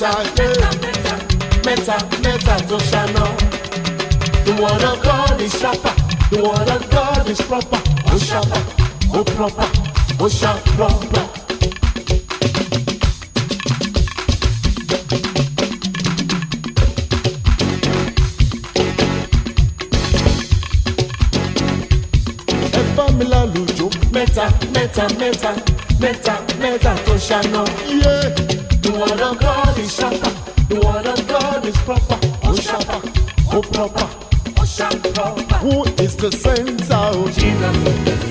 mẹ́ta eh. mẹ́ta mẹ́ta tó ṣáná. The word of God is sharper. The word of God is proper. O sharper, o proper, o sharp proper. Ẹ bá mi lálùjọ mẹ́ta mẹ́ta mẹ́ta mẹ́ta mẹ́ta tó ṣáná. Yeah. The word of God is sharper. The word of God is proper. Oh sharper. Oh proper. Oh sharp Who is the center? Jesus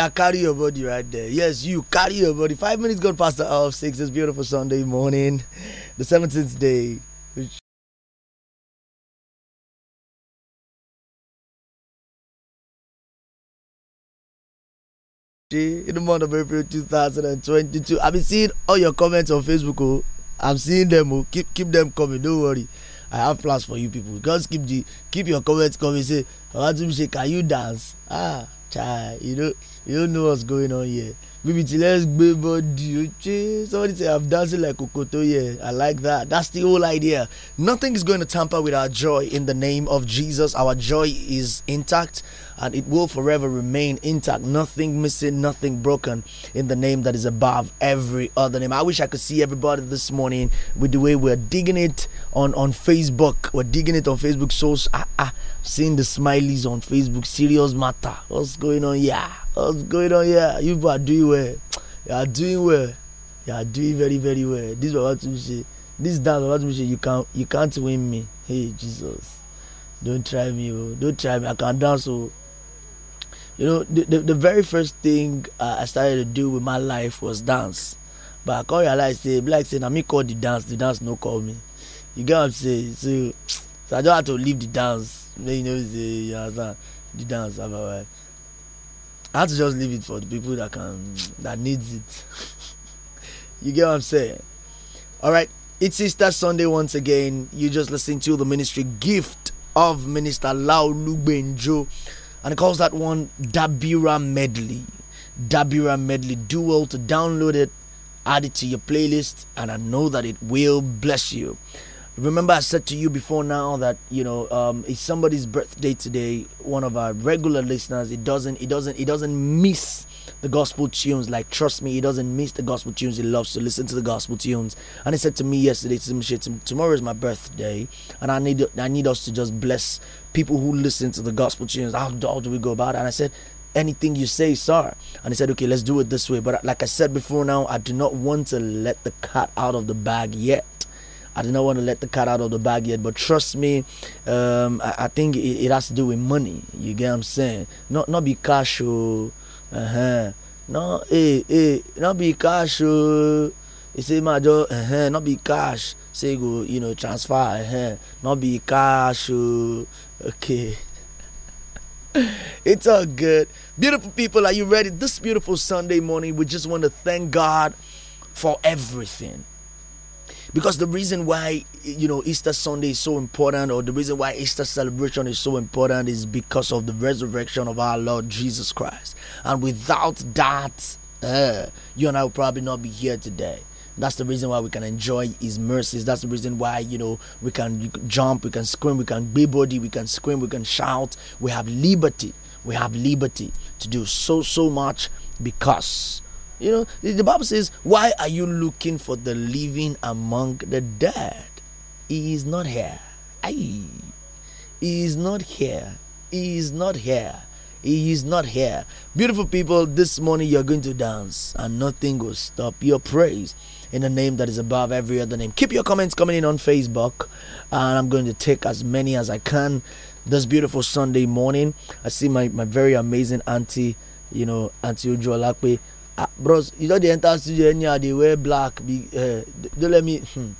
Yeah, carry your body right there. Yes, you carry your body. Five minutes gone past the hour of six. It's beautiful Sunday morning, the 17th day. in the month of April 2022. I've been seeing all your comments on Facebook. Oh. I'm seeing them. Oh. Keep keep them coming. Don't worry. I have plans for you people. Just keep the keep your comments coming. Say, Owatumse, can you dance? Ah, child, you know. You don't know what's going on here. baby. let's go body. Oh, somebody say I'm dancing like Kokoto. Yeah, I like that. That's the whole idea. Nothing is going to tamper with our joy in the name of Jesus. Our joy is intact and it will forever remain intact. Nothing missing, nothing broken in the name that is above every other name. I wish I could see everybody this morning with the way we're digging it on, on Facebook. We're digging it on Facebook. So, ah, ah, seeing the smileys on Facebook. Serious matter. What's going on? Yeah. What's going on? Yeah. You are doing well. You are doing well. You are doing very, very well. This is what to say. This dance what to say. You can't, you can't win me. Hey, Jesus. Don't try me. Oh. Don't try me. I can dance. so. Oh you know the, the, the very first thing uh, i started to do with my life was dance but i come realize say black like say na me call the dance the dance no call me you get what i'm saying so so i just had to leave the dance make you know say you understand the dance i had to just leave it for the people that can that needs it you get what i'm saying all right it's easter sunday once again you just listen to the ministry gift of minister lau Lubenjo and he calls that one Dabira Medley. Dabira Medley. Do well to download it, add it to your playlist, and I know that it will bless you. Remember, I said to you before now that you know um, it's somebody's birthday today. One of our regular listeners. It doesn't. It doesn't. It doesn't miss the gospel tunes. Like, trust me, he doesn't miss the gospel tunes. He loves to listen to the gospel tunes. And he said to me yesterday, tomorrow is my birthday, and I need I need us to just bless people who listen to the gospel tunes. How, how do we go about it? And I said, anything you say, sir. And he said, okay, let's do it this way. But like I said before now, I do not want to let the cat out of the bag yet. I do not want to let the cat out of the bag yet, but trust me, um, I, I, think it, it, has to do with money. You get what I'm saying? Not not be cash or oh, uh-huh. No, hey, eh, eh, hey, not be cash. Uh, you say, jo uh-huh, not be cash. Say, go, you know, transfer, uh-huh, not be cash. Uh, okay. it's all good. Beautiful people, are you ready? This beautiful Sunday morning, we just want to thank God for everything because the reason why you know Easter Sunday is so important or the reason why Easter celebration is so important is because of the resurrection of our Lord Jesus Christ and without that uh, you and I will probably not be here today that's the reason why we can enjoy his mercies that's the reason why you know we can jump we can scream we can be body we can scream we can shout we have liberty we have liberty to do so so much because you know, the Bible says, Why are you looking for the living among the dead? He is not here. Aye. He is not here. He is not here. He is not here. Beautiful people, this morning you're going to dance and nothing will stop your praise in the name that is above every other name. Keep your comments coming in on Facebook and I'm going to take as many as I can this beautiful Sunday morning. I see my, my very amazing auntie, you know, Auntie Ujo Lakwe ah bros you know dey enter studio anyhow dey wear black be uh, don't let me hmm.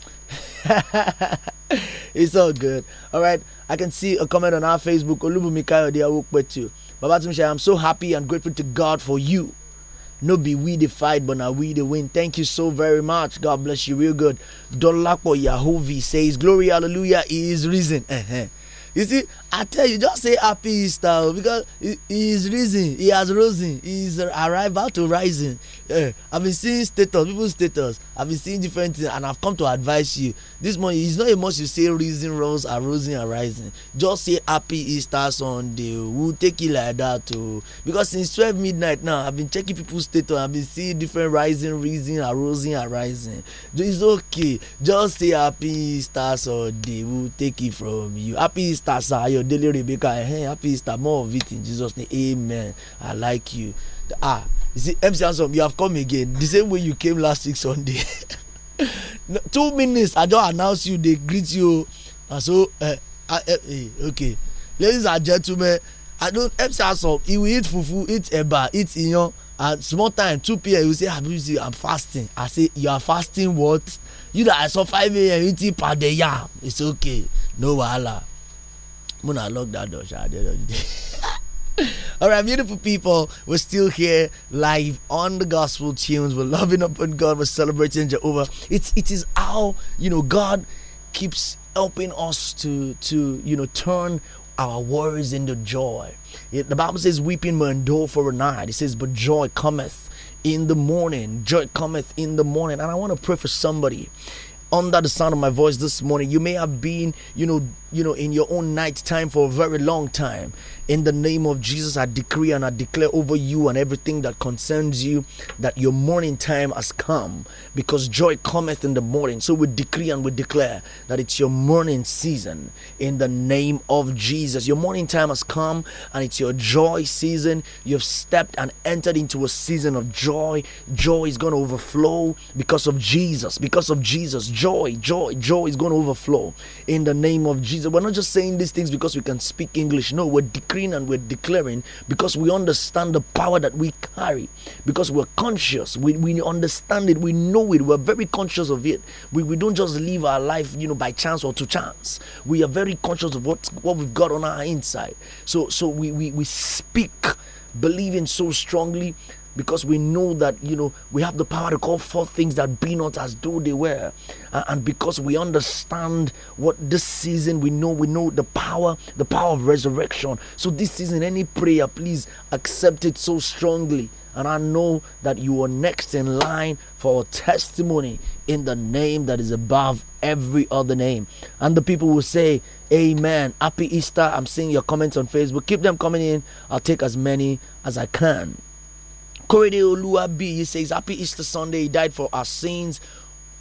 it's all good all right i can see a comment on our facebook olubumi kayode awokpetu babatunde i'm so happy and grateful to god for you no be we the fight but now we the win thank you so very much god bless you real good dolapo yahovi says glory hallelujah he is risen eh, eh. you see i tell you just say happy easter because he, he is risen he has risen he is arrival to rising eh, i've been seeing status people's status i've been seeing different things and i've come to advise you this morning it's not a must you say reason rose are rising and rising just say happy easter sunday we'll take it like that o oh. because since twelve midnight now i've been checking people's status i've been seeing different rising rising and rising and rising it's okay just say happy easter sunday we'll take it from you happy easter sir daily rebecca eh, happy easter more of it in jesus name amen i like you ah You see, MC Ansom, you have come again. The same way you came last week Sunday. two minutes, I just announce you, they greet you. And so, uh, uh, uh, okay. Ladies and gentlemen, I don't, MC Ansom, he will eat fufu, eat eba, eat inyo. At small time, two p.m., He will say, I'm fasting. I say, you are fasting what? You that I saw five a.m. eating padeyam. It's okay. No wahala. Muna lock that door, sha. All right, beautiful people, we're still here live on the gospel tunes. We're loving upon God. We're celebrating Jehovah. It's it is how you know God keeps helping us to to you know turn our worries into joy. It, the Bible says, "Weeping may endure for a night." It says, "But joy cometh." in the morning. Joy cometh in the morning. And I want to pray for somebody under the sound of my voice this morning. You may have been, you know, you know, in your own night time for a very long time. In the name of Jesus, I decree and I declare over you and everything that concerns you that your morning time has come because joy cometh in the morning. So we decree and we declare that it's your morning season in the name of Jesus. Your morning time has come and it's your joy season. You've stepped and entered into a season of joy. Joy is going to overflow because of Jesus, because of Jesus joy, joy, joy is going to overflow in the name of Jesus. We're not just saying these things because we can speak English. No, we're decreeing and we're declaring because we understand the power that we carry, because we're conscious, we, we understand it, we know it, we're very conscious of it. We, we don't just live our life, you know, by chance or to chance. We are very conscious of what, what we've got on our inside. So so we, we, we speak believing so strongly because we know that you know we have the power to call forth things that be not as though they were and because we understand what this season we know we know the power the power of resurrection so this season any prayer please accept it so strongly and I know that you are next in line for a testimony in the name that is above every other name. And the people will say, Amen. Happy Easter. I'm seeing your comments on Facebook. Keep them coming in. I'll take as many as I can. Korede Oluwabi, he says, Happy Easter Sunday. He died for our sins.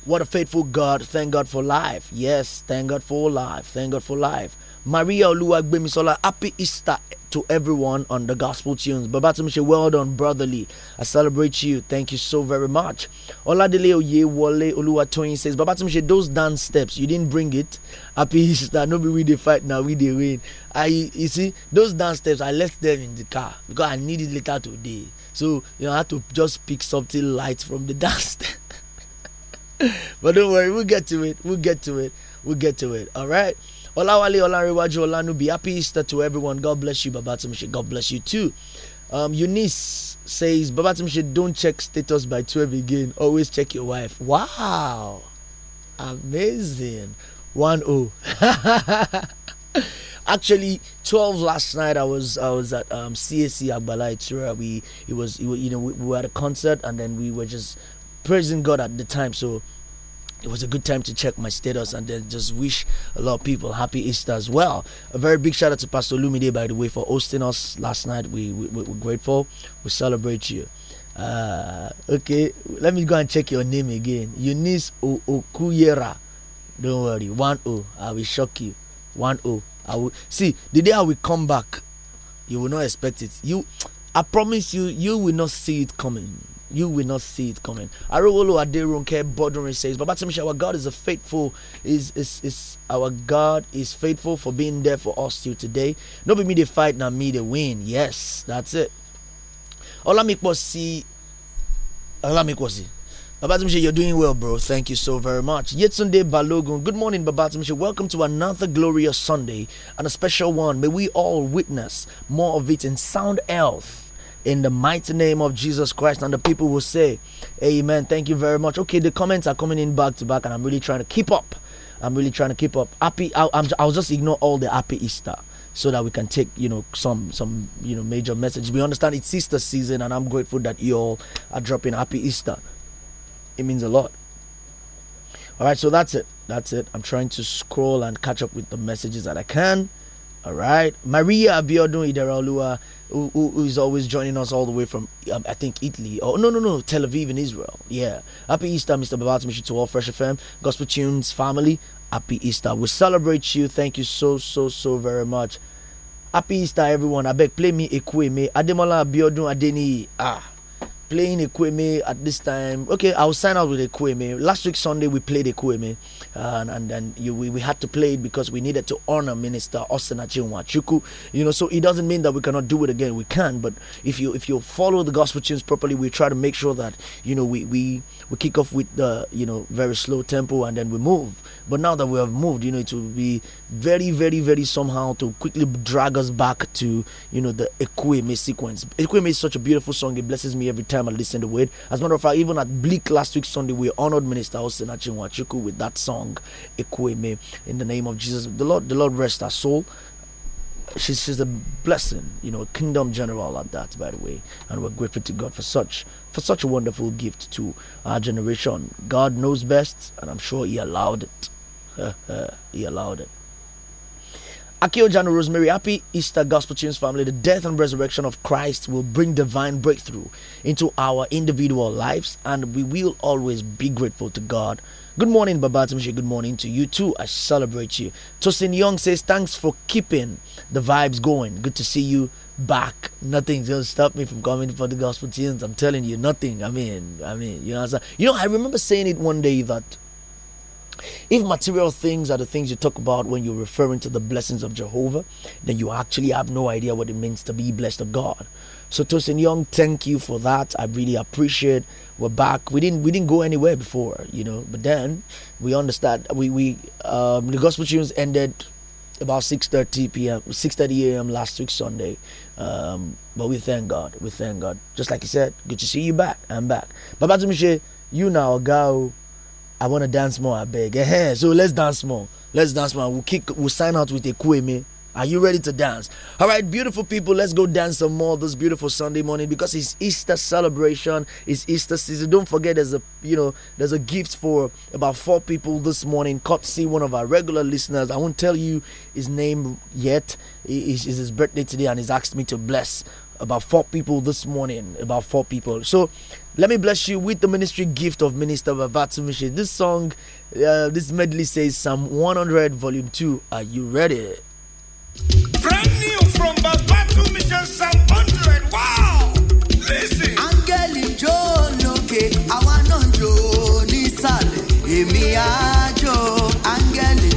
What a faithful God. Thank God for life. Yes, thank God for life. Thank God for life. Maria Oluwagbemisola, Happy Easter to everyone on the gospel tunes. Babatunde, well done, brotherly. I celebrate you. Thank you so very much. Oladele Oyewole Oluwatoyin says, Babatunde, those dance steps, you didn't bring it. Happy Easter. No be we the fight now, we the win. I you see, those dance steps, I left them in the car because I need it later today. So you know, I had to just pick something light from the dust. but don't worry, we'll get to it. We'll get to it. We'll get to it. All right. Olawale Olanrewaju be Happy Easter to everyone. God bless you, Babatunde. God bless you too. Um, Eunice says, should don't check status by 12 again. Always check your wife. Wow. Amazing. 1 0. actually 12 last night i was i was at um csc agbala itura we it was, it you know we, we were at a concert and then we were just praising god at the time so it was a good time to check my status and then just wish a lot of people happy Easter as well. A very big shout out to Pastor Lumide, by the way, for hosting us last night. We, we, we're grateful. We celebrate you. Uh, okay, let me go and check your name again. Eunice o- Okuyera. Don't worry, 1 0. I will shock you. 1 0. I will see the day I will come back. You will not expect it. You, I promise you, you will not see it coming. You will not see it coming. Arowolo Aderonke Bodrin says, Baba Timisha, our God is a faithful, is, is, is, our God is faithful for being there for us till today. be me the fight, now me the win. Yes, that's it. Olamikwosi, Olamikwosi, Babatunde, you're doing well, bro. Thank you so very much. Yetunde Balogun, good morning, Babatunde. Welcome to another glorious Sunday and a special one. May we all witness more of it in sound health. In the mighty name of Jesus Christ, and the people will say, Amen. Thank you very much. Okay, the comments are coming in back to back, and I'm really trying to keep up. I'm really trying to keep up. Happy, I, I'm, I'll just ignore all the happy Easter so that we can take you know some some you know major message. We understand it's Easter season, and I'm grateful that you all are dropping happy Easter it means a lot. All right, so that's it. That's it. I'm trying to scroll and catch up with the messages that I can. All right, Maria Abiodun Ideralua, who, who is always joining us all the way from, um, I think, Italy. Oh, no, no, no, Tel Aviv in Israel. Yeah. Happy Easter, Mr. Babatimishi, to all Fresh FM, Gospel Tunes family. Happy Easter. We celebrate you. Thank you so, so, so very much. Happy Easter, everyone. I beg, play me Ekweme. Ademola Abiodun Adeni. Ah, playing Ekweme at this time. Okay, I'll sign out with Ekweme. Last week Sunday we played Ekweme, and and, you, we, we had to play it because we needed to honor Minister Austin Achinwachuku. You know, so it doesn't mean that we cannot do it again. We can, but if you if you follow the gospel tunes properly, we try to make sure that you know we we, we kick off with the you know very slow tempo and then we move. But now that we have moved, you know, it will be very very very somehow to quickly drag us back to you know the Ekweme sequence. Ekweme is such a beautiful song. It blesses me every time time and listen to it. As a matter of fact, even at Bleak last week Sunday, we honored Minister Hossein Achinwachuku with that song, Ekweme, in the name of Jesus. The Lord, the Lord rest our soul. She's, she's a blessing, you know, a kingdom general at that, by the way. And we're grateful to God for such for such a wonderful gift to our generation. God knows best, and I'm sure He allowed it. he allowed it. Akio Jano Rosemary, happy Easter Gospel Tunes family. The death and resurrection of Christ will bring divine breakthrough into our individual lives, and we will always be grateful to God. Good morning, Babatumshi. Good morning to you too. I celebrate you. Tosin Young says, Thanks for keeping the vibes going. Good to see you back. Nothing's gonna stop me from coming for the gospel tunes. I'm telling you, nothing. I mean, I mean, you know, you know, I remember saying it one day that if material things are the things you talk about when you're referring to the blessings of Jehovah, then you actually have no idea what it means to be blessed of God. So Tosin Young, thank you for that. I really appreciate. We're back. We didn't we didn't go anywhere before, you know. But then we understand we we um, the gospel tunes ended about 6:30 p.m. 6:30 a.m. last week Sunday. Um, but we thank God. We thank God. Just like you said, good to see you back. I'm back. Baba Tumishe, you now go. I want to dance more, I beg. Hey, so let's dance more. Let's dance more. We'll kick we'll sign out with a me. Are you ready to dance? All right, beautiful people, let's go dance some more this beautiful Sunday morning because it's Easter celebration. It's Easter season. Don't forget, there's a you know there's a gift for about four people this morning. Caught see one of our regular listeners. I won't tell you his name yet. It's his birthday today, and he's asked me to bless about four people this morning. About four people. So let me bless you with the ministry gift of Minister Babatsumishi. This song, uh, this medley says Psalm 100, Volume 2. Are you ready? Brand new from Babatsumishi, Psalm 100. Wow! Listen. Angeli in John, okay. I want to Èmi àjò áńgẹ́lì.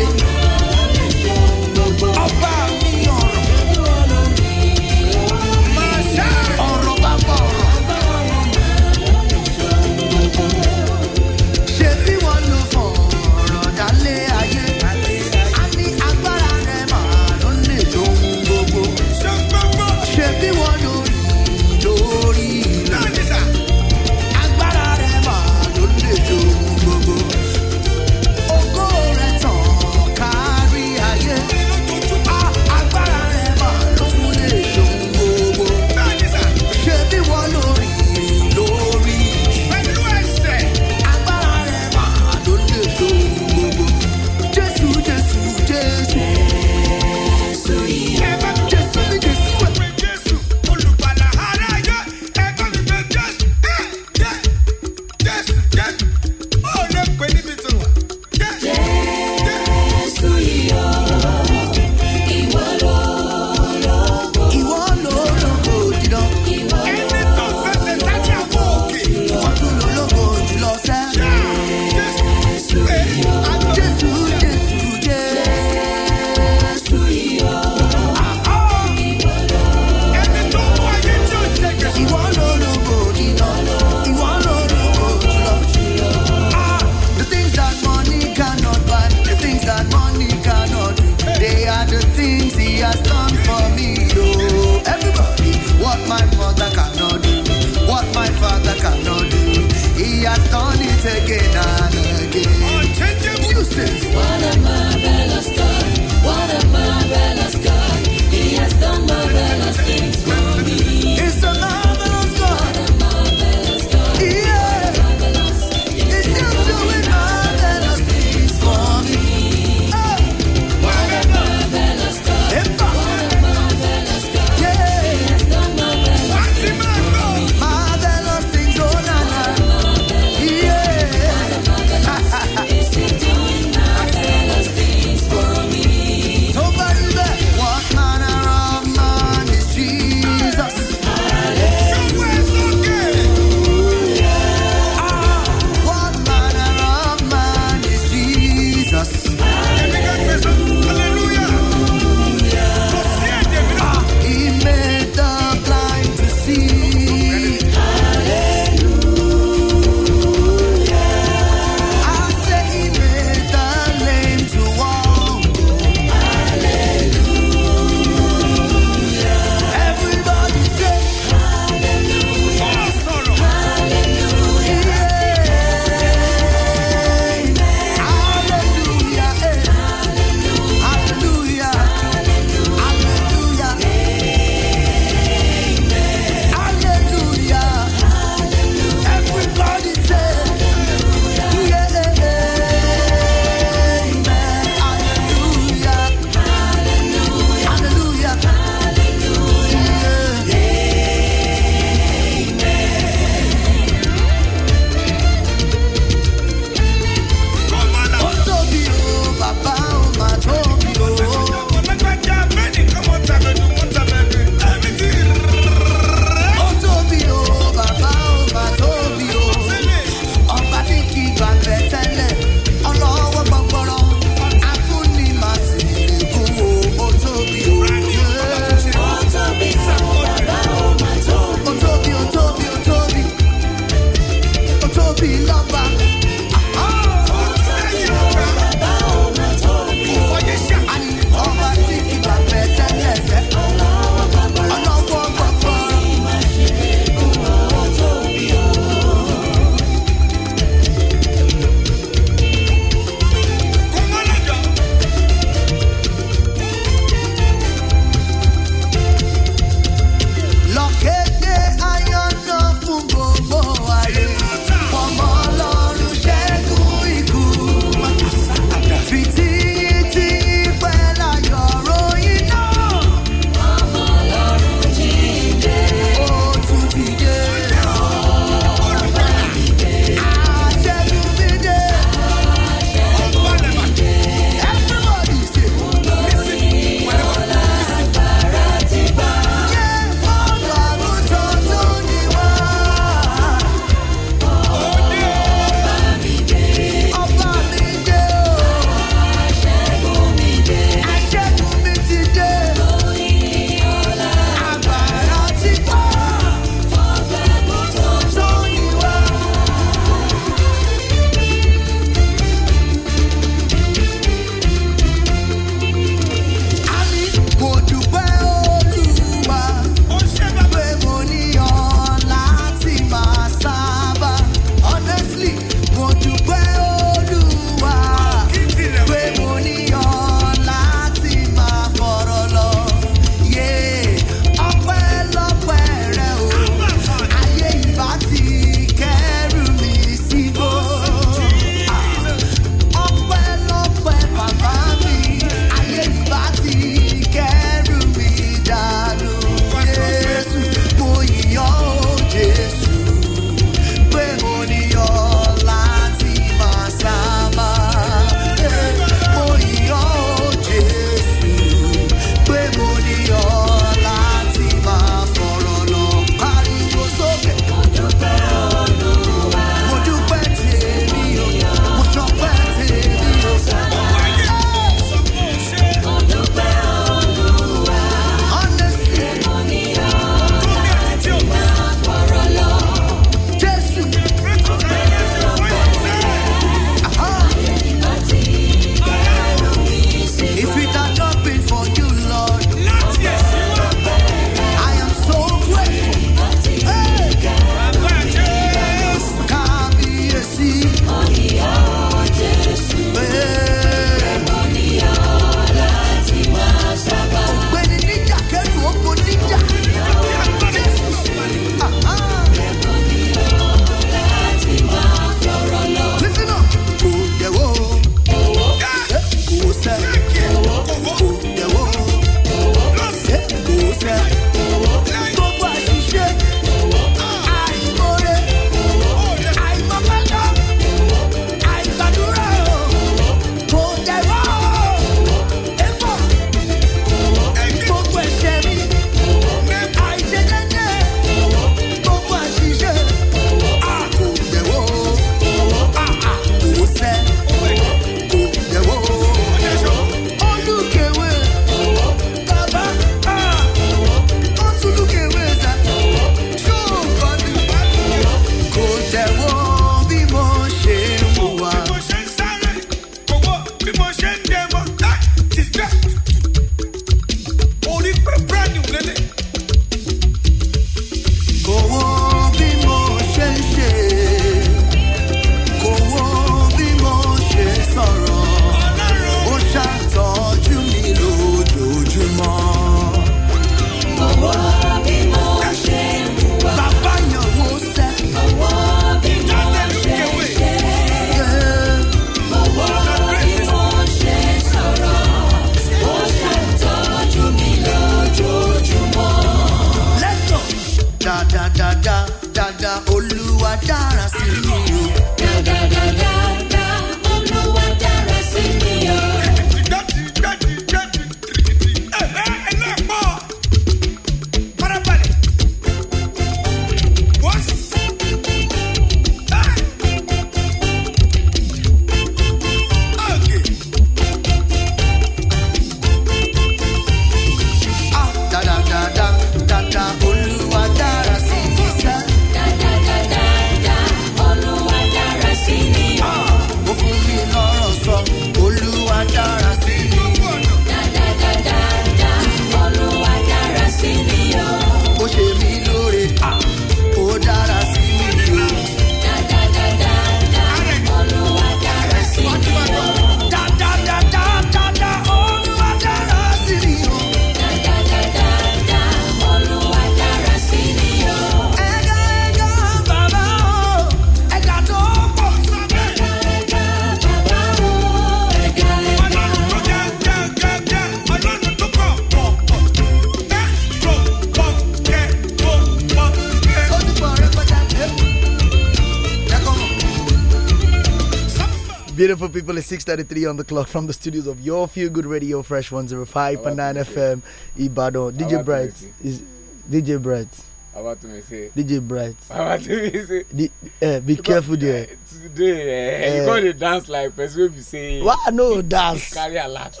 beautiful people. It's 6.33 on the clock from the studios of Your Feel Good Radio, Fresh 105.9 FM, Ibadan. DJ Bright is... DJ Bright. Àwa tún mi say DJ Bright. Àwa tún mi say Di uh, be because, careful there. Uh, today uh, eh, uh, eh, you go eh. dey dance like person wey be saying, Wa no dance. Carry a alert.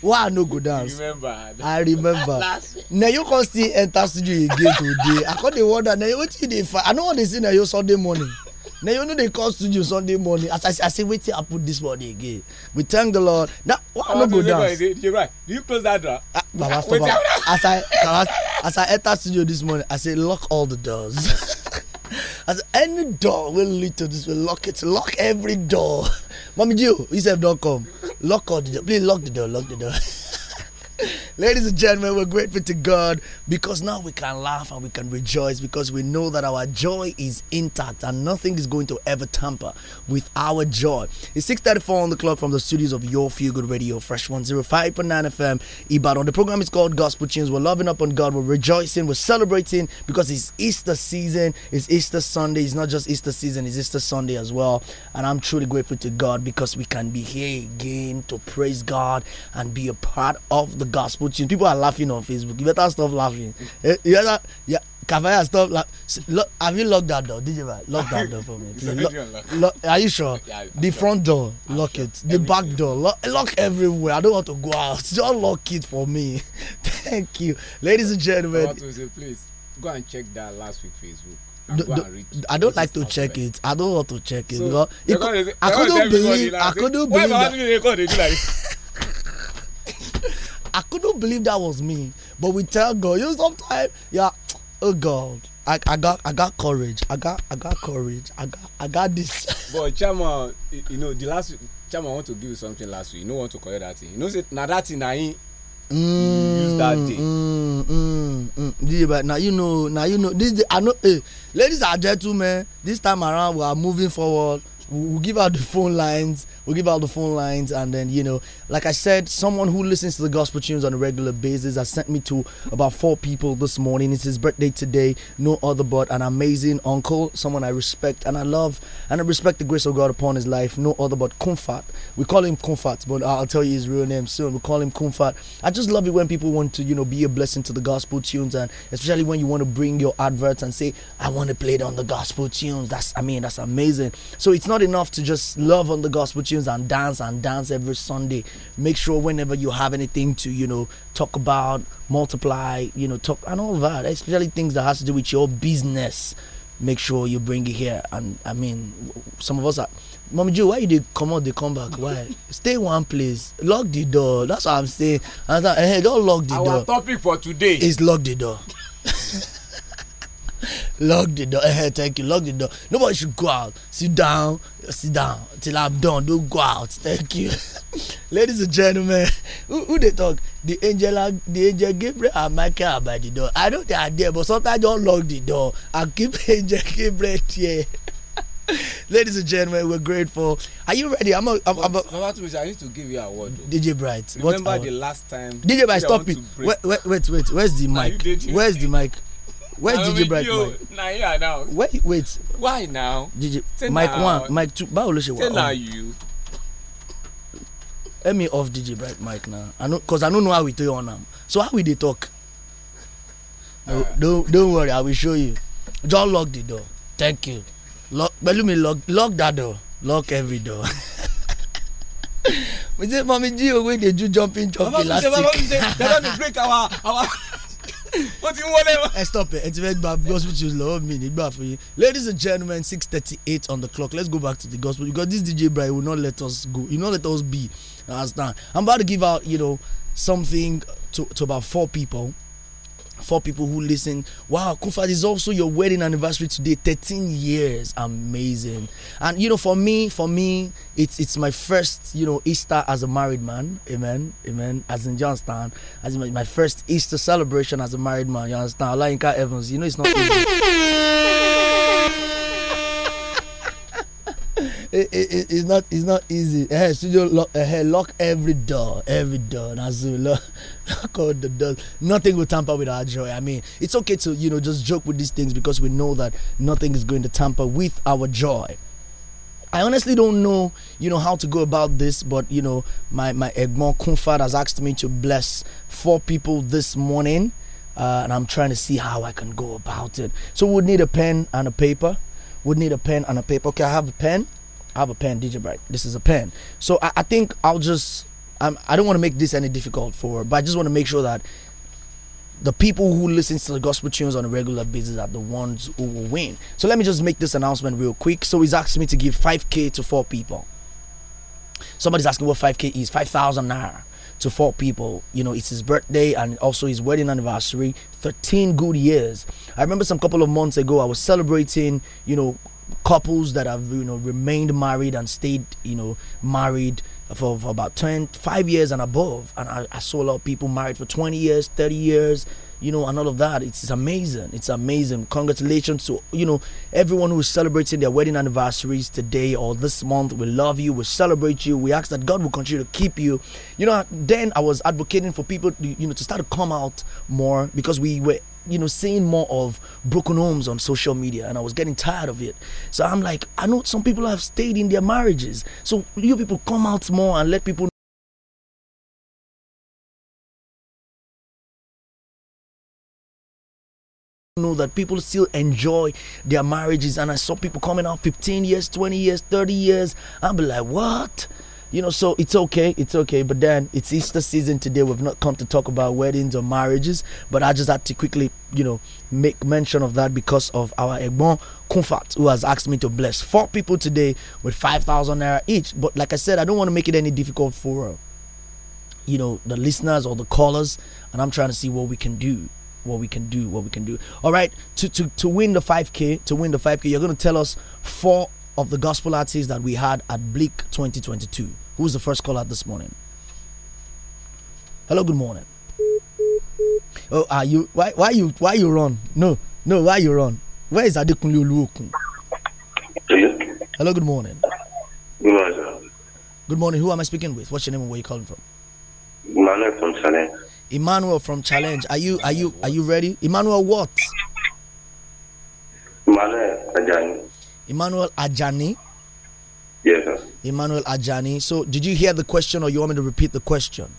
why i no go dance remember, i remember nayo come still enter studio again today i come dey wonder Now wetin you dey find i no wan dey see nayo sunday morning na you know they call studio sunday morning as i say i say wetin happen this morning again we thank the lord Now why i oh, no go dance. you right do you close that door. ah baba ah, stop am as i as i enter studio this morning i say lock all the doors. as any door wey lead to this way lock it lock every door mami jill you sef don come lock all the door please lock the door lock the door. Ladies and gentlemen, we're grateful to God because now we can laugh and we can rejoice because we know that our joy is intact and nothing is going to ever tamper with our joy. It's 6:34 on the clock from the studios of Your Feel Good Radio, Fresh 105.9 FM, Ibadan. The program is called Gospel Tunes. We're loving up on God. We're rejoicing. We're celebrating because it's Easter season. It's Easter Sunday. It's not just Easter season. It's Easter Sunday as well. And I'm truly grateful to God because we can be here again to praise God and be a part of the gospel Putin. People are laughing on Facebook. You better stop laughing. Eh, you better, yeah, Kavaya, stop laughing. Have you locked that door? Did you lock that door for me? Lo are you sure? Yeah, the front door, I'm lock sure. it. The everywhere. back door, lock, lock everywhere. I don't want to go out. Just lock it for me. Thank you, ladies and gentlemen. What was it, please? Go and check that last week Facebook. I don't like to check it. I don't want to check it. So, because it, I couldn't believe. I couldn't believe. Why am I having a record? They do like. I couldn't believe that was me. But we tell God, you know, sometimes, yeah, oh God. I, I got I got courage. I got I got courage. I got I got this. but Chama, you know the last Chama I want to give you something last week. You know want to correct that thing. You know say na that thing na him mm, use that mm, day. Mm, mm, mm. mm. but now you know, now you know. This day, I know. Hey, ladies and gentlemen, this time around we are moving forward. We will give out the phone lines. We'll give out the phone lines, and then you know, like I said, someone who listens to the gospel tunes on a regular basis has sent me to about four people this morning. It's his birthday today. No other but an amazing uncle, someone I respect and I love, and I respect the grace of God upon his life. No other but Comfort. We call him Comfort, but I'll tell you his real name soon. We call him Comfort. I just love it when people want to, you know, be a blessing to the gospel tunes, and especially when you want to bring your adverts and say, "I want to play it on the gospel tunes." That's, I mean, that's amazing. So it's not enough to just love on the gospel tunes tunes and dance and dance every Sunday. Make sure whenever you have anything to, you know, talk about, multiply, you know, talk and all that, especially things that has to do with your business. Make sure you bring it here. And I mean, some of us are, Mommy Joe, why you did come out, they come back? Why? Stay one place, lock the door. That's what I'm saying. And hey, eh, don't lock the Our door. Our topic for today is lock the door. lock the door Hey, eh, eh, thank you lock the door nobody should go out sit down sit down till i'm done don't go out thank you ladies and gentlemen who, who dey talk the angel the angel gabriel and michael are by the door i know they are there but sometimes don't lock the door and keep angel gabriel here. Ladies and gentlemen, we're grateful. Are you ready? I'm a. I'm, but, I'm a Mama I need to give you a word. Though. DJ Bright. Remember what the last time? DJ Bright, stop it. wait, wait, wait. Where's the mic? Where's the mic? where is dj bright mike na here now where wait why now dj mike one mike two báwo ló ṣe wà on let me off dj bright mike now i know cause i no know how we take on am so how we dey talk no don't don't worry i will show you just lock the door thank you lock pelumi lock lock that door lock every door. we say mami g o wey dey do jumping jumping last week. mama we say mama we say dem don break our our. wọ́n ti ń wọlé wọn. ẹ stop ẹ ti fẹ́ gba gospel tunes lọ́wọ́ mi nígbà fún yín ladies and gentlemen six thirty eight on the clock let's go back to the gospel because this DJ Brian will not let us go he will not let us be understand I'm about to give out you know something to to about four people for people who listen. Wow, Kufat is also your wedding anniversary today. 13 years. Amazing. And you know, for me, for me, it's it's my first, you know, Easter as a married man. Amen. Amen. As in Johnstown. As in my, my first Easter celebration as a married man. You understand? Alainka Evans. You know it's not easy it, it, it's not it's not easy. Hey, studio lock, hey, lock every door, every door. That's Lock, lock all the doors. Nothing will tamper with our joy. I mean, it's okay to you know just joke with these things because we know that nothing is going to tamper with our joy. I honestly don't know, you know, how to go about this, but you know, my my Egmont Kunfad has asked me to bless four people this morning, uh, and I'm trying to see how I can go about it. So we'd need a pen and a paper. We'd need a pen and a paper. Okay, I have a pen. I have a pen, DJ Bright. This is a pen. So I, I think I'll just I'm, I do not want to make this any difficult for, but I just want to make sure that the people who listen to the gospel tunes on a regular basis are the ones who will win. So let me just make this announcement real quick. So he's asking me to give 5k to four people. Somebody's asking what 5k is. 5,000 naira to four people. You know, it's his birthday and also his wedding anniversary. 13 good years. I remember some couple of months ago, I was celebrating, you know, couples that have you know remained married and stayed you know married for, for about 10 5 years and above and I, I, saw a lot of people married for 20 years 30 years you know and all of that it's, it's amazing it's amazing congratulations to you know everyone who's celebrating their wedding anniversaries today or this month we love you we celebrate you we ask that god will continue to keep you you know then i was advocating for people you know to start to come out more because we were you know seeing more of broken homes on social media and i was getting tired of it so i'm like i know some people have stayed in their marriages so you people come out more and let people know that people still enjoy their marriages and i saw people coming out 15 years 20 years 30 years i'll be like what you know, so it's okay, it's okay. But then it's Easter season today. We've not come to talk about weddings or marriages, but I just had to quickly, you know, make mention of that because of our Egbon Kumfat, who has asked me to bless four people today with 5,000 naira each. But like I said, I don't want to make it any difficult for, uh, you know, the listeners or the callers, and I'm trying to see what we can do what we can do, what we can do. All right, to to to win the 5k, to win the 5k, you're going to tell us four of the gospel artists that we had at Bleak 2022. Who's the first caller this morning? Hello, good morning. Oh, are you why why you why you run? No, no, why you run? Where is Adekunle Oluokun? Hello, good morning. Good morning, sir. Good morning. Who am I speaking with? What's your name and where you calling from? Emmanuel from Challenge. Emmanuel from Challenge. Are you are you are you ready? Emmanuel what? Emmanuel Ajani. Emmanuel Ajani. Yes, sir. Emmanuel Ajani. So, did you hear the question, or you want me to repeat the question?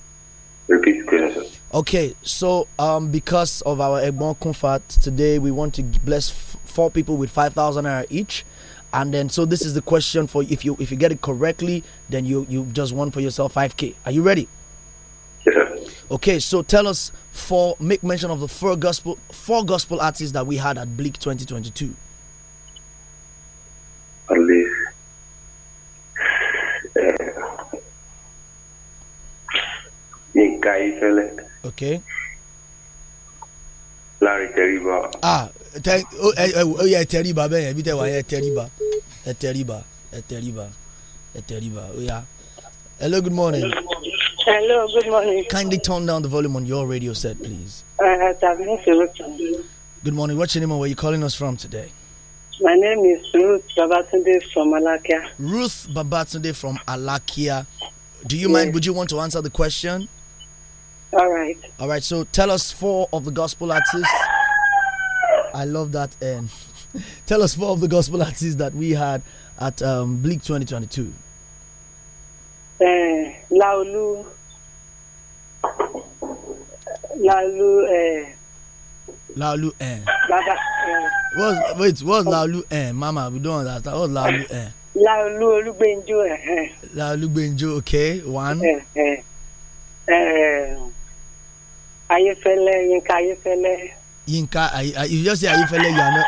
Repeat the question, sir. Okay, so um, because of our Egbon Comfort today, we want to bless four people with five thousand naira each, and then so this is the question for if you if you get it correctly, then you you just won for yourself five k. Are you ready? Yes, Okay, so tell us for make mention of the four gospel four gospel artists that we had at Bleak 2022 alle nin ka yi ok Larry tẹríba. ah tẹ Oh, yẹ tẹríba bẹ́ẹ̀ yẹn bí tẹ wà yẹ tẹríba ẹ tẹríba ẹ tẹríba ẹ tẹríba Oh yeah. hello good morning. hello good morning. kindly turn down the volume on your radio set please. Uh, good morning what's your name and where are you calling us from today. My name is Ruth Babatunde from Alakia. Ruth Babatunde from Alakia. Do you yes. mind? Would you want to answer the question? All right. All right. So tell us four of the gospel artists. I love that. Um, and tell us four of the gospel artists that we had at um, Bleak 2022. Uh, Laulu. Laulu. Uh, eh. ehn what's what's laulu eh? mama we don understand what's laulu eh? laulu olugbenjo eh. eh. laulu gbenjo okay one. Eh, eh. Eh, ayefẹlẹ yinka ayefẹlẹ. yinka ayi ayi you just say ayefẹlẹ you are not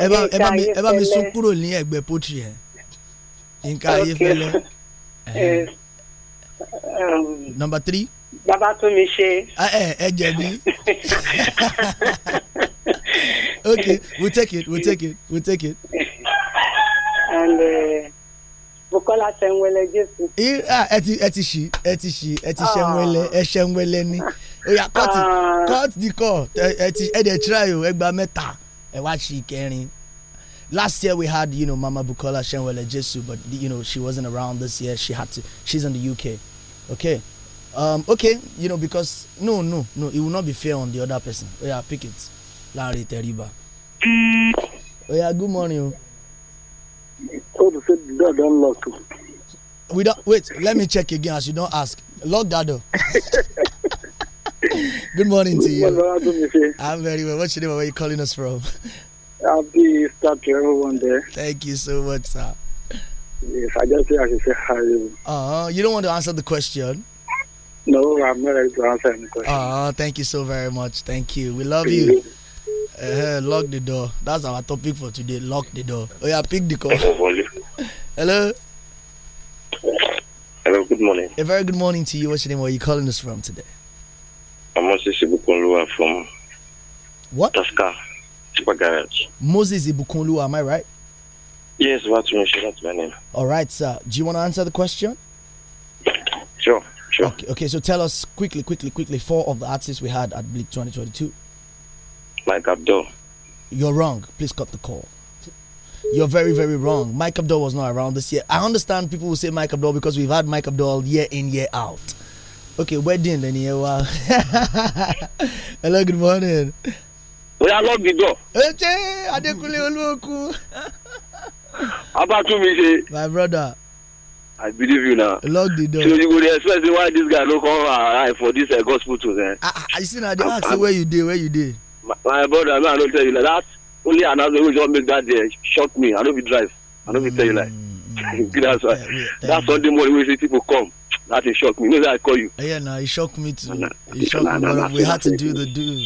ẹ bá ẹ bá mi ẹ bá mi sún kúrò ní ẹ̀gbẹ́ pọtri ẹ yinka ayefẹlẹ. Eh, eh. Um, number three bàbá tó mi ṣe. Ah, eh, ẹ ẹ jẹ̀bi okay we take it We take it We take it. and eh, Bukola Sẹ̀ńwẹ́lẹ̀ Jésù. Ah, ẹ ti ẹ ti ṣì ẹ ti ṣì ẹ ti Sẹ̀ńwẹ́lẹ̀ ah. ẹ Sẹ̀ńwẹ́lẹ̀ ni oya cut cut the call ẹ ti ẹ dẹ̀ try o ẹ gba mẹ́ta ẹ wá ṣì kẹrin. Last year we had, you know, Mama Bukola Shenwele Jesu, but you know she wasn't around this year. She had to. She's in the UK. Okay, um, okay you know because no no no it will not be fair on the other person oh, yeah, pick it Larry Teriba oya oh, yeah, good morning o. Oh. so to say the door lock oh. wait let me check again as you don't ask lock that door. good morning to you. I'm very well. What's your name? Where are you calling us from? be start to everyone there. Thank you so much, sir. Yes, I just say I should say hi. Uh, you don't want to answer the question? No, I'm not ready to answer any questions. Oh, thank you so very much. Thank you. We love you. Uh, lock the door. That's our topic for today. Lock the door. Oh yeah, pick the call. Hello. Hello. Good morning. A very good morning to you. What's your name? Where are you calling us from today? I'm Moses Ibukunlua from. What? Tasca, Super Garage. Moses Ibukunlua. Am I right? Yes, that's my name. All right, sir. Do you want to answer the question? Sure. Sure. Okay, okay, so tell us quickly, quickly, quickly, four of the artists we had at Bleak 2022. Mike Abdul. You're wrong. Please cut the call. You're very, very wrong. Mike Abdul was not around this year. I understand people will say Mike Abdul because we've had Mike Abdul year in, year out. Okay, wedding then here. Wow. Hello, good morning. We are locked the door. My brother. I believe you now. Lock the door. So you would expect why this guy no come arrive for this uh, gospel to them. I, I see now they ask you where you did, where you did. My, my brother, man, I don't tell you like that. Only another way just make that day shock me. I don't be drive. I don't be tell you like. Mm, mm, mm, that's why. Yeah, yeah, that Sunday morning we see people come. That is shock me. You know that I call you. Eh, yeah, no, it shocked me too. Nah, it me. Nah, we had to do the do.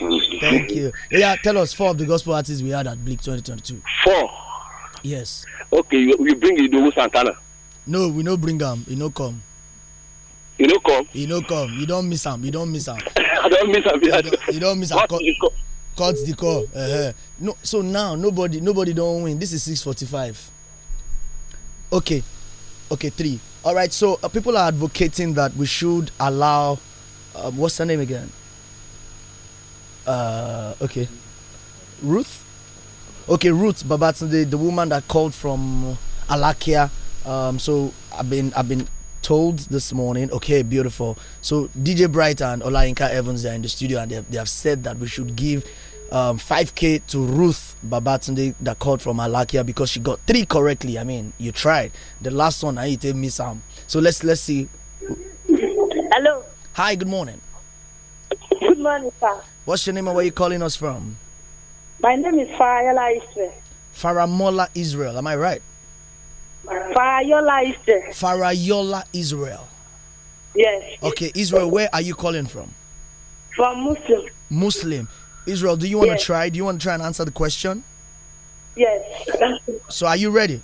Thank you. Yeah, tell us four of the gospel artists we had at Bleak 2022. Four. Yes. Okay, you, you bring Idowu Santana. No, we no bring him. He no come. He no come. He no come. You don't miss him. You don't miss him. I don't miss him. You don't, miss him. Cut, cut the call. the uh-huh. call. No, so now nobody nobody don't win. This is six forty five. Okay, okay three. All right. So uh, people are advocating that we should allow. Uh, what's her name again? Uh, okay, Ruth. Okay, Ruth Babatunde, the woman that called from Alakia. Um, so I've been I've been told this morning. Okay, beautiful. So DJ Bright and Olainka Evans are in the studio, and they have, they have said that we should give um, 5K to Ruth Babatunde that called from Alakia because she got three correctly. I mean, you tried. The last one, I did miss some. So let's let's see. Hello. Hi. Good morning. Good morning, sir. What's your name and where you calling us from? My name is Fayola Israel. Faramola Israel, am I right? Farayola Israel. Farayola Israel. Yes. Okay, Israel, where are you calling from? From Muslim. Muslim. Israel, do you want yes. to try? Do you want to try and answer the question? Yes. So are you ready?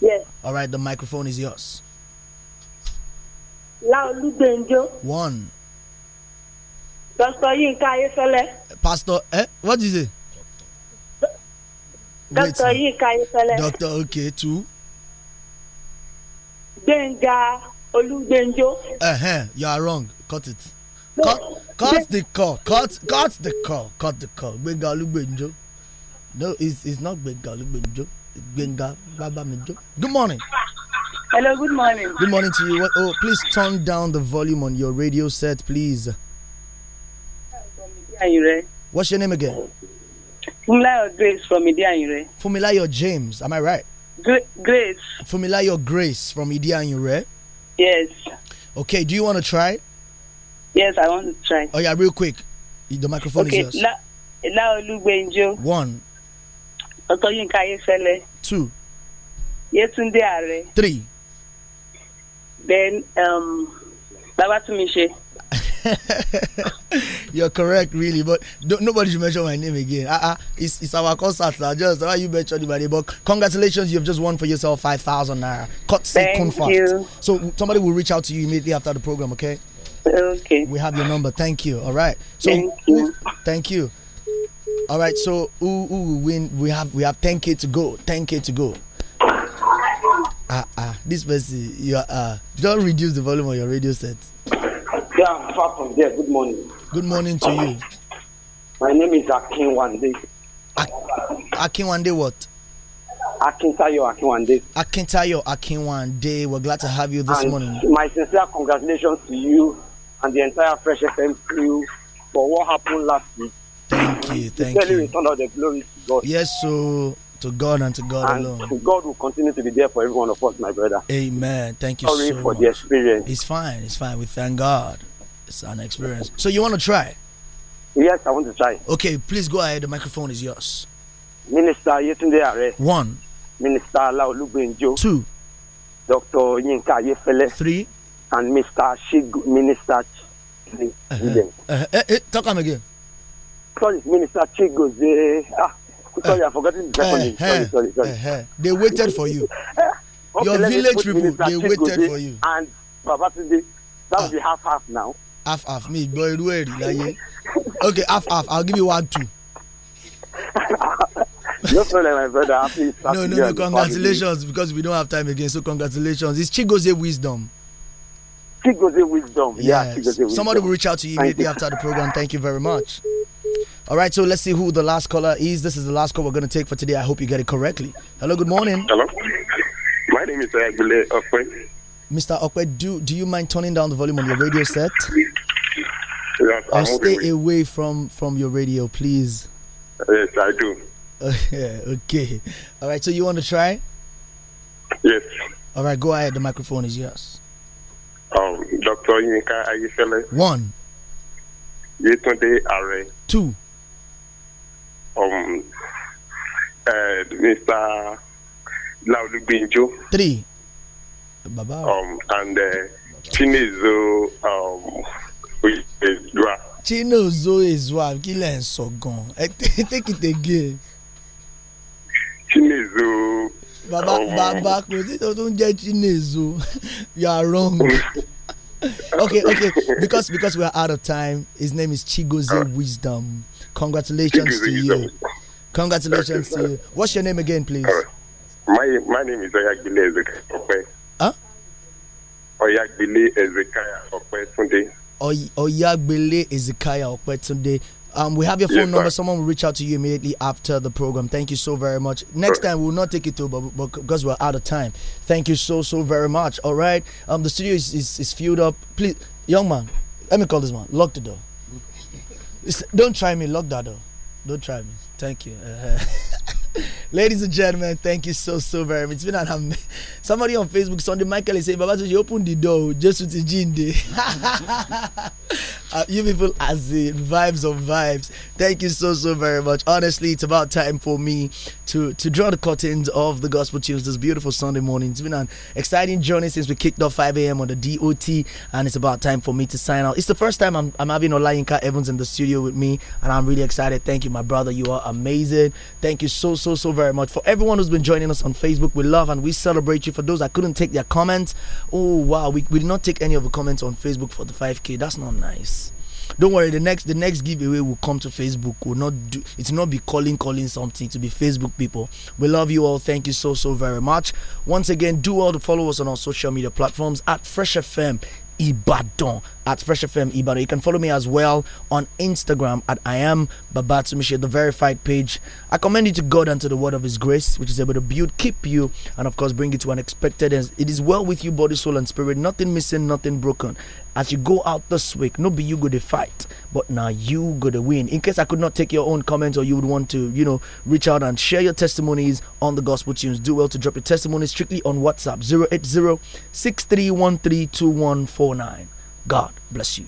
Yes. All right, the microphone is yours. One. Pastor Yinka Pastor, eh? What is it? dr yinka ayefẹlẹ dr okay two. gbẹ̀ngà olúgbẹ̀njọ. Uh-huh, you are wrong cut it cut, cut the call cut cut the call cut the call gbẹ̀ngà olúgbẹ̀njọ no it's, it's not gbẹ̀ngà olúgbẹ̀njọ gbẹ̀ngà babamijo good morning. hello good morning. good morning to you oh please turn down the volume on your radio set please. what's your name again. Fumilayo Grace from Idianyure. Fumilayo James, am I right? Gra Grace. Fumilayo Grace from Idianyure. Yes. Okay, do you want to try? Yes, I want to try. Oh yeah, real quick. The microphone okay. is yours. La Olugbenjo. One. Otoyinka Ayefele. Two. Yetunde Are. Three. Then um Babatunmise. You're correct, really, but nobody should mention my name again. Uh, uh it's, it's our concert. Uh, just uh, you mentioned anybody? But congratulations, you've just won for yourself 5,000 naira. Cut Courtesy confirmed. So somebody will reach out to you immediately after the program, okay? Okay. We have your number. Thank you. All right. So thank you. Thank you. All right. So who, who will win? We have we have 10k to go. 10k to go. Ah uh, ah. Uh, this person, you are, uh, don't reduce the volume on your radio set. Yeah, far from there. Good morning. Good morning to you. My name is Akin Wande. Ak Akin Wande what? Akin Akinwande. Akin Wande. we're glad to have you this and morning. My sincere congratulations to you and the entire Fresh FM crew for what happened last week. Thank you, thank you. you. Return all the glory to God. Yes, so to God and to God and alone. God will continue to be there for every one of us, my brother. Amen. Thank you Sorry so for the experience. It's fine, it's fine. We thank God. It's an experience. So you want to try? Yes, I want to try. Okay, please go ahead. The microphone is yours. Minister Yetunde Are. One. Minister Laolu Benjo. Two. Dr. Yinka Yefele. Three. And Mr. Shig Minister Ch uh -huh. uh -huh. Eh, eh, talk him again. Sorry, Minister Chigoze. Ah, sorry, uh, I forgot the eh, second Sorry, sorry, sorry. They waited for you. Your village people, they Chigoze waited for you. And Babatunde, that will ah. be half half now half half me, gbọ́ irú ẹ̀ rí láyé okay half half i'll give you one two. you like my brother no no no congratulations because we don't have time again so congratulations it's Chigozé wisdom. Chigozé wisdom yeah, yes. chigozie wisdom somebody will reach out to you immediately after the program thank you very much. All right, so let's see who the last caller is. This is the last call we're going to take for today. I hope you get it correctly. Hello, good morning. Hello. My name is Agbile uh, Okwe. Mr. Okwe, do do you mind turning down the volume on your radio set? Yes, or stay away. from from your radio, please. Yes, I do. okay. All right. So you want to try? Yes. All right. Go ahead. The microphone is yours. Um, Doctor Yinka feeling? One. Yetunde Are. Two. Um, uh, eh, Mr. Laulu Binjo. Three. um, and uh, Chinezo um, Ezra. Chinezo Ezra kí lẹ̀ ń sọ gan take it again. Chinezo. Baba, um, Baba. bàbá kò sí tó ń jẹ́ Chinezo you are wrong. okay okay because because we are out of time his name is Chigozie uh, Wisdom congratulations Chigozie to Wisdom. you congratulations okay, to you what's your name again please. Uh, my my name is Oyagile Ezeke Ope ọ̀yàgbélé ezekiah ọ̀pẹ́túndé. ọ̀yàgbélé ezekiah ọ̀pẹ́túndé. Um, we have your phone yes, number. Sir. Someone will reach out to you immediately after the program. Thank you so very much. Next time, we'll not take it to, but, but because we're out of time. Thank you so, so very much. All right. Um, the studio is, is, is filled up. Please, young man, let me call this man. Lock the door. don't try me. Lock that door. Don't try me. Thank you. Uh, Ladies and gentlemen, thank you so so very much. It's been an amazing. somebody on Facebook Sunday Michael is saying Baba she open the door just with the gin day. uh, you people as the vibes of vibes. Thank you so so very much. Honestly, it's about time for me to to draw the curtains of the gospel tunes this beautiful Sunday morning. It's been an exciting journey since we kicked off 5 a.m. on the DOT, and it's about time for me to sign out. It's the first time I'm, I'm having Olayinka Evans in the studio with me, and I'm really excited. Thank you, my brother. You are amazing. Thank you so so so very much for everyone who's been joining us on Facebook. We love and we celebrate you. For those that couldn't take their comments, oh wow, we, we did not take any of the comments on Facebook for the 5K. That's not nice don't worry the next the next giveaway will come to facebook will not do it's not be calling calling something to be facebook people we love you all thank you so so very much once again do all to follow us on our social media platforms at fresh fm Ibadan at Fresh FM Ibadan. You can follow me as well on Instagram at I am Babatsumishi, the verified page. I commend you to God and to the word of His grace, which is able to build, keep you, and of course bring you to unexpectedness. It is well with you, body, soul, and spirit. Nothing missing, nothing broken. As you go out this week, no be you go to fight, but now you go to win. In case I could not take your own comments or you would want to, you know, reach out and share your testimonies on the gospel tunes, do well to drop your testimony strictly on WhatsApp 080 6313 God bless you.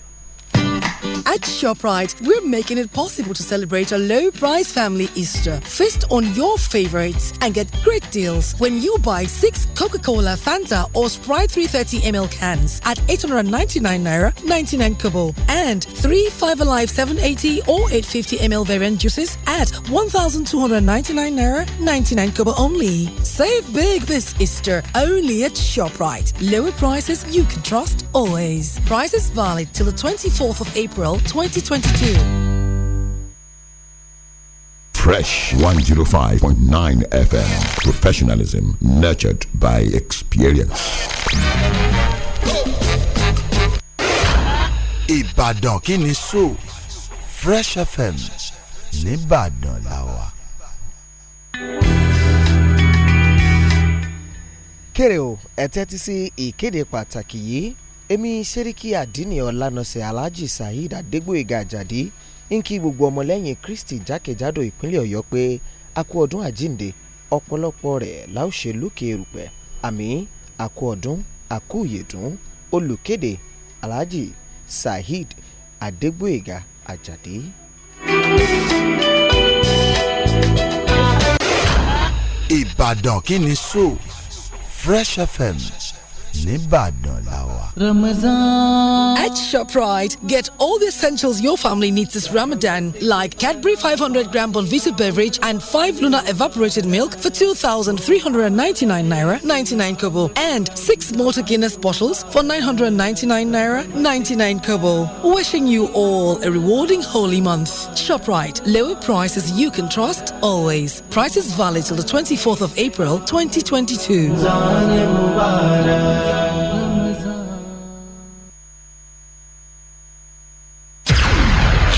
At ShopRite, we're making it possible to celebrate a low price family Easter. Feast on your favorites and get great deals when you buy six Coca Cola, Fanta, or Sprite 330 ml cans at 899 naira 99 kobo and three Five Alive 780 or 850 ml variant juices at 1299 naira 99 kobo only. Save big this Easter only at ShopRite. Lower prices you can trust always. Prices valid till the 24th of April 2022. Fresh 105.9 FM. Professionalism nurtured by experience. Ìbàdàn kí ni so. Fresh FM nìbàdàn làwà. Kéré o ẹ tẹ́tí sí ìkéde pàtàkì yìí èmi sẹ́ríkì àdínì ọ̀lànàṣẹ́ alhaji saheed adégbòyega àjàdí ń kí gbogbo ọmọlẹ́yìn kristi jákèjádò ìpínlẹ̀ ọ̀yọ́ pé a kú ọdún àjínde ọ̀pọ̀lọpọ̀ rẹ̀ láòṣe lókè erùpẹ̀ àmì a kú ọdún a kú olùkéde alhaji saheed adégbòyega àjàdí. ìbàdàn kí ni so Fresh FM nìbàdàn At ShopRite, get all the essentials your family needs this Ramadan, like Cadbury 500 gram Bonvita beverage and 5 Luna evaporated milk for 2,399 naira 99 kobo, and 6 Malta Guinness bottles for 999 naira 99 kobo. Wishing you all a rewarding holy month. ShopRite, lower prices you can trust always. Prices valid till the 24th of April 2022.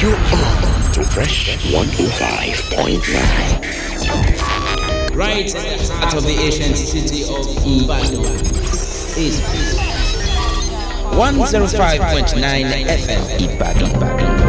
You are to Fresh 105.9. Right out of the ancient city of Ibadan is 105.9 FM Ibadan.